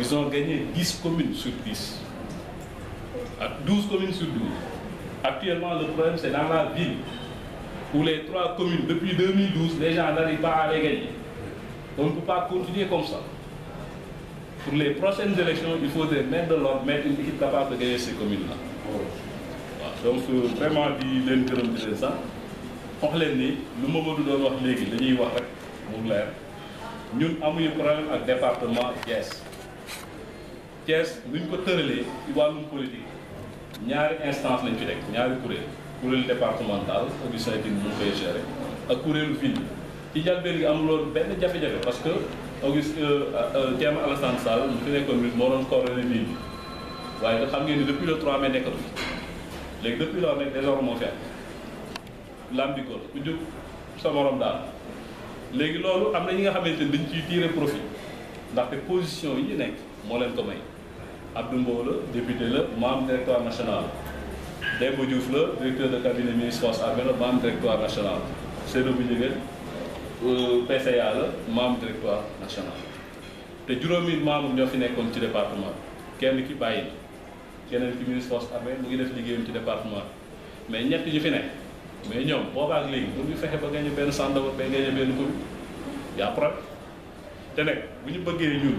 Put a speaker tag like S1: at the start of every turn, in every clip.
S1: Ils ont gagné 10 communes sur 10. 12 ah, communes sur 12. Actuellement, le problème, c'est dans la ville, où les trois communes, depuis 2012, les gens n'arrivent pas à les gagner. On ne peut pas continuer comme ça. Pour les prochaines élections, il faut mettre de l'ordre, mettre une équipe capable de gagner ces communes-là. donc euh, vraiment il est gërëm ça leen sax ni le Mamadou wax dañuy problème département Yes. Thiès luñ ko tëralee ci wàllum politique ñaari instance lañ fi teg ñaari kuréel kuréelu départemental Augustin Tine mu koy gérer ak kuréelu fii ci jàlbeen gi am woon benn jafe-jafe parce que Augustin euh, euh, euh, Thierno Alassane Sall mu fi nekkoon nit moo doon coordonné ville bi waaye xam ngeen ni depuis le trois mai nekkatu fi léegi depuis loolu nag désordre moo fi am lambikoon ku sa morom daal léegi loolu am na ñi nga xamante ni dañ ciy tirer profit ndaxte position yi ñu nekk moo leen ko may Abdou Mbow la député la membre directoire national Demba Diouf la directeur de cabinet ministre force armée la membre directoire national Seydou bu Njëgeen euh, PCA la membre directoire national te juróomi membre ñoo fi nekkoon ci département kenn ki bàyyi na keneen ki ministre force armée mu ngi def liggéeyam ci département mais ñett ñu fi nekk mais ñoom boobaak léegi pour ñu fexe ba gañe benn Sandaga ba gañe benn ko y a problème te nag bu ñu bëggee ñun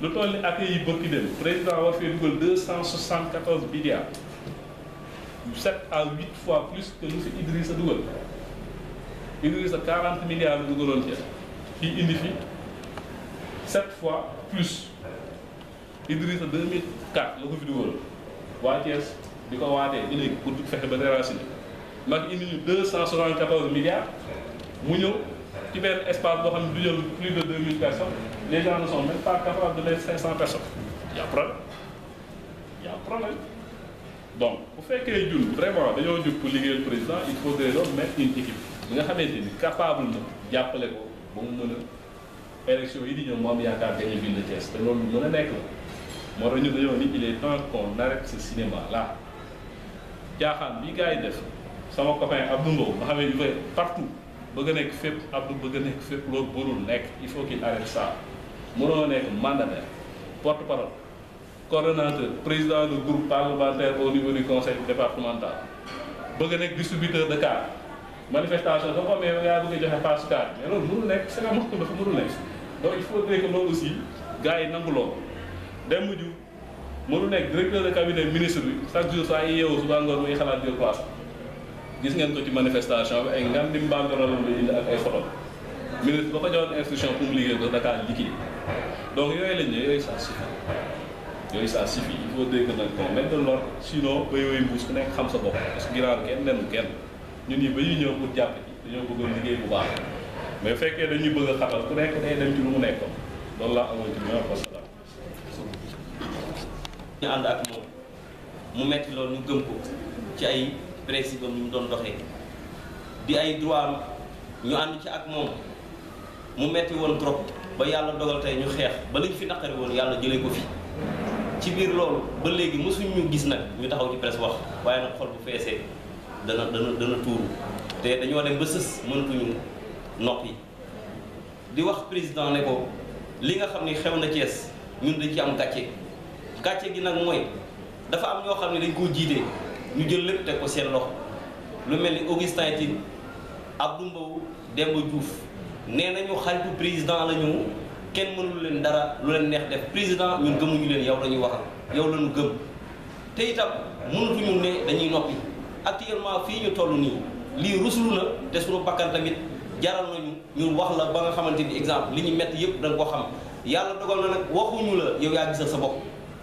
S1: le temps de l'ATI Burkina, le président a de 274 milliards. 7 à 8 fois plus que nous, Idrissa Dougal. Idrissa, 40 milliards de Qui unifie 7 fois plus. Idrissa, 2004, le revenu de Dougal. Watiès, Biko Wadé, il est pour tout faire de la racine. Il a 274 milliards. Mouniou, ci benn espace boo xam ne plus de 2000 personnes les gens ne sont même pas capables de les 500 personnes Il y' a problème y' a problème donc bu fekkee jul vraiment dañoo jub pour liggéeyal président il faudrait donc mettre une équipe nga xamante ni capable de jàppale ko ba mu élection yi di ñëw mu am yaakaar dañuy bind Thiès te loolu mën a nekk la moo ñu dañoo ni il est temps qu'on arrête ce cinéma là jaaxaan bi gars yi def sama copain Abdou Mbow nga xam partout. bëgg nekk fépp Abdou bëgg nekk fépp loolu burul nekk il faut qu'il arrête ça mënoo nekk mandataire porte-parole coordonnateur président de groupe parlementaire au niveau du conseil départemental bëgg nekk distributeur de carte manifestation soo ko amee ngaa bëgg a joxe passe carte mais loolu nekk c'est moom dafa mënul nekk donc il faut que loolu aussi gars yi nangu loolu dem mujj mënu nekk directeur de cabinet ministre bi chaque jour saa yi yeewu suba ngoon gis ngeen ko ci manifestation bi ay a banderole la indi ak ay photo ministre ba ko joxoon instruction publique ko Dakar liquide donc yooyu lañ ne yooyu ça suffit yooyu ça suffit il faut dégg nañ ko mettre de l'ordre ba yooyu mbuus ku nekk xam sa bopp parce que giraar kenn nenn kenn ñun ñi ba ñuy ñëw pour jàpp ci dañoo bëggoon liggéey bu baax mais fekkee dañuy bëgg a xatal ku nekk day dem ci lu mu nekkoon
S2: loolu laa amoon ci ñoom ànd ak moom mu metti loolu ñu gëm ko ci ay principe am ñu doon doxee di ay droit am ñu ànd ci ak moom mu metti woon trop ba yàlla dogal tey ñu xeex ba liñ fi naqari woon yàlla jëlee ko fi ci biir loolu ba léegi mësuñ ñu gis nag ñu taxaw ci presse wax waaye nag xol bu feesee dana dana dana tuuru te dañoo dem ba sës mënatuñu noppi di wax président ne ko li nga xam ni xew na Thiès ñun dañ ci am gàcce gàcce gi nag mooy dafa am ñoo xam ne dañ koo jiite ñu jël lépp teg ko seen loxo lu mel ni Augustin Tine Abdou Mbow Demba Diouf nee nañu xaritu président la ñu kenn mënul leen dara lu leen neex def président ñun gëmuñu leen yow lañuy wax waxal yow lañu gëm te itam ñu ne dañuy noppi actuellement fii ñu toll nii lii ruslu na te suñu bakkan tamit jaral nañu ñu wax la ba nga xamante ni exemple li ñu metti yëpp da nga ko xam yàlla dogal na nag waxuñu la yow yaa gisal sa bopp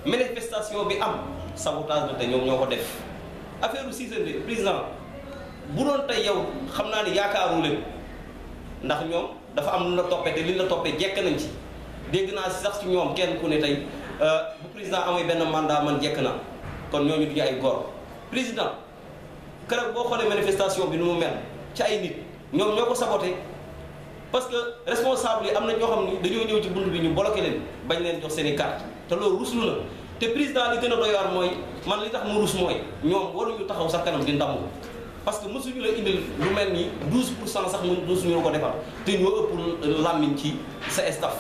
S2: manifestation bi am sabotage la te ñoo ko def affaire u Cissé Lô président bu doon tey yow xam naa ne yaakaaru leen ndax ñoom dafa am lu la toppee te li la toppee jekk nañ ci dégg naa sax ci ñoom kenn ku ne tey euh, bu président amee benn mandat man jekk na kon ñooñu duñu ay góor président keroog boo xoolee manifestation bi nu mu mel ci ay nit ñoom ñoo ko saboté parce que responsable yi am na ñoo xam ni dañoo ñëw ci bunt bi ñu bloqué leen bañ leen jox seen i carte te loolu ruslu na te président li gën a doy mooy man li tax mu ruus mooy ñoom waruñu taxaw sax kanam di ndamu parce que mësuñu la indil lu mel ni 12 pour cent sax mu mësuñu la ko defal te ñoo ëpp làmmiñ ci sa staff.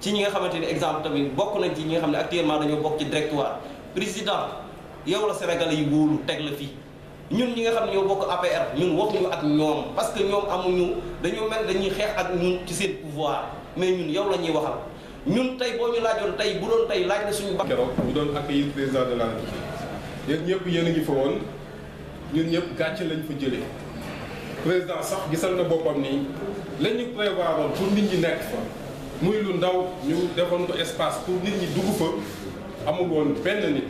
S2: ci ñi nga xamante ni exemple tamit bokk nañ ci ñi nga xam ne actuellement dañoo bokk ci directoire président yow la Sénégalais yi wóolu teg la fii ñun ñi nga xam ne ñoo bokk APR ñun waxuñu ak ñoom parce que ñoom amuñu dañoo mel dañuy xeex ak ñun ci seen pouvoir mais ñun yow la ñuy waxal. ñun tey boo ñu laajoon tey bu doon tey laaj na suñu ba keroog bu doon accueillir président de la République
S3: yéen ñëpp yéen a ngi fa woon ñun ñëpp gàcce lañ fa jëlee président sax gisal na boppam nii la ñu prévoir woon pour nit ñi nekk fa muy lu ndaw ñu defoon ko espace pour nit ñi dugg fa amul woon benn nit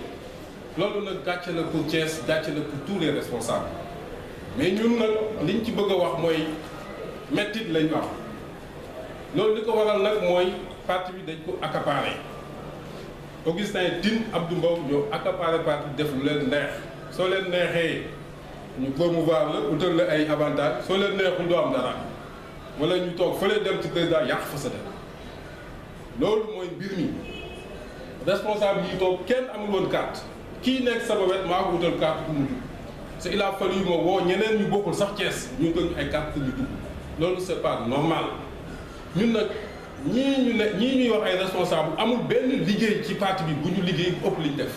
S3: loolu nag gàcce la pour Thiès gàcce la pour tous les responsables mais ñun nag liñ ci bëgg a wax mooy mettit lañ wax loolu li ko waral nag mooy parti bi dañ ko accaparé Augustin Tine Abdou mbaw ñoo accaparé parti bi def lu leen neex so leen neexé ñu promouvoir la utal la ay avantages so leen neexu do am dara wala ñu tok fële dem ci président yàq fa sa def loolu mooy mbir mi responsable yi tok kenn amul won carte ki nek sama wet maa ko utal carte bu mu dugg il a fallu mo wo ñeneen ñu bokul sax ties ñu ngi ko ñu ay carte ñu dugg lolu c'est pas normal ñun nak ñii ñu ne ñii ñuy wax ay responsable amul benn liggéey ci parti bi bu ñu liggéey ëpp ñu def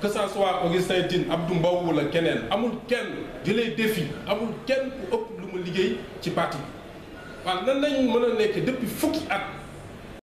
S3: que ça soit Augustin Tine Abdou Mbow wala keneen amul kenn je les défie amul kenn ku ëpp lu ma liggéey ci parti bi waaw nan lañ mën a nekk depuis fukki ak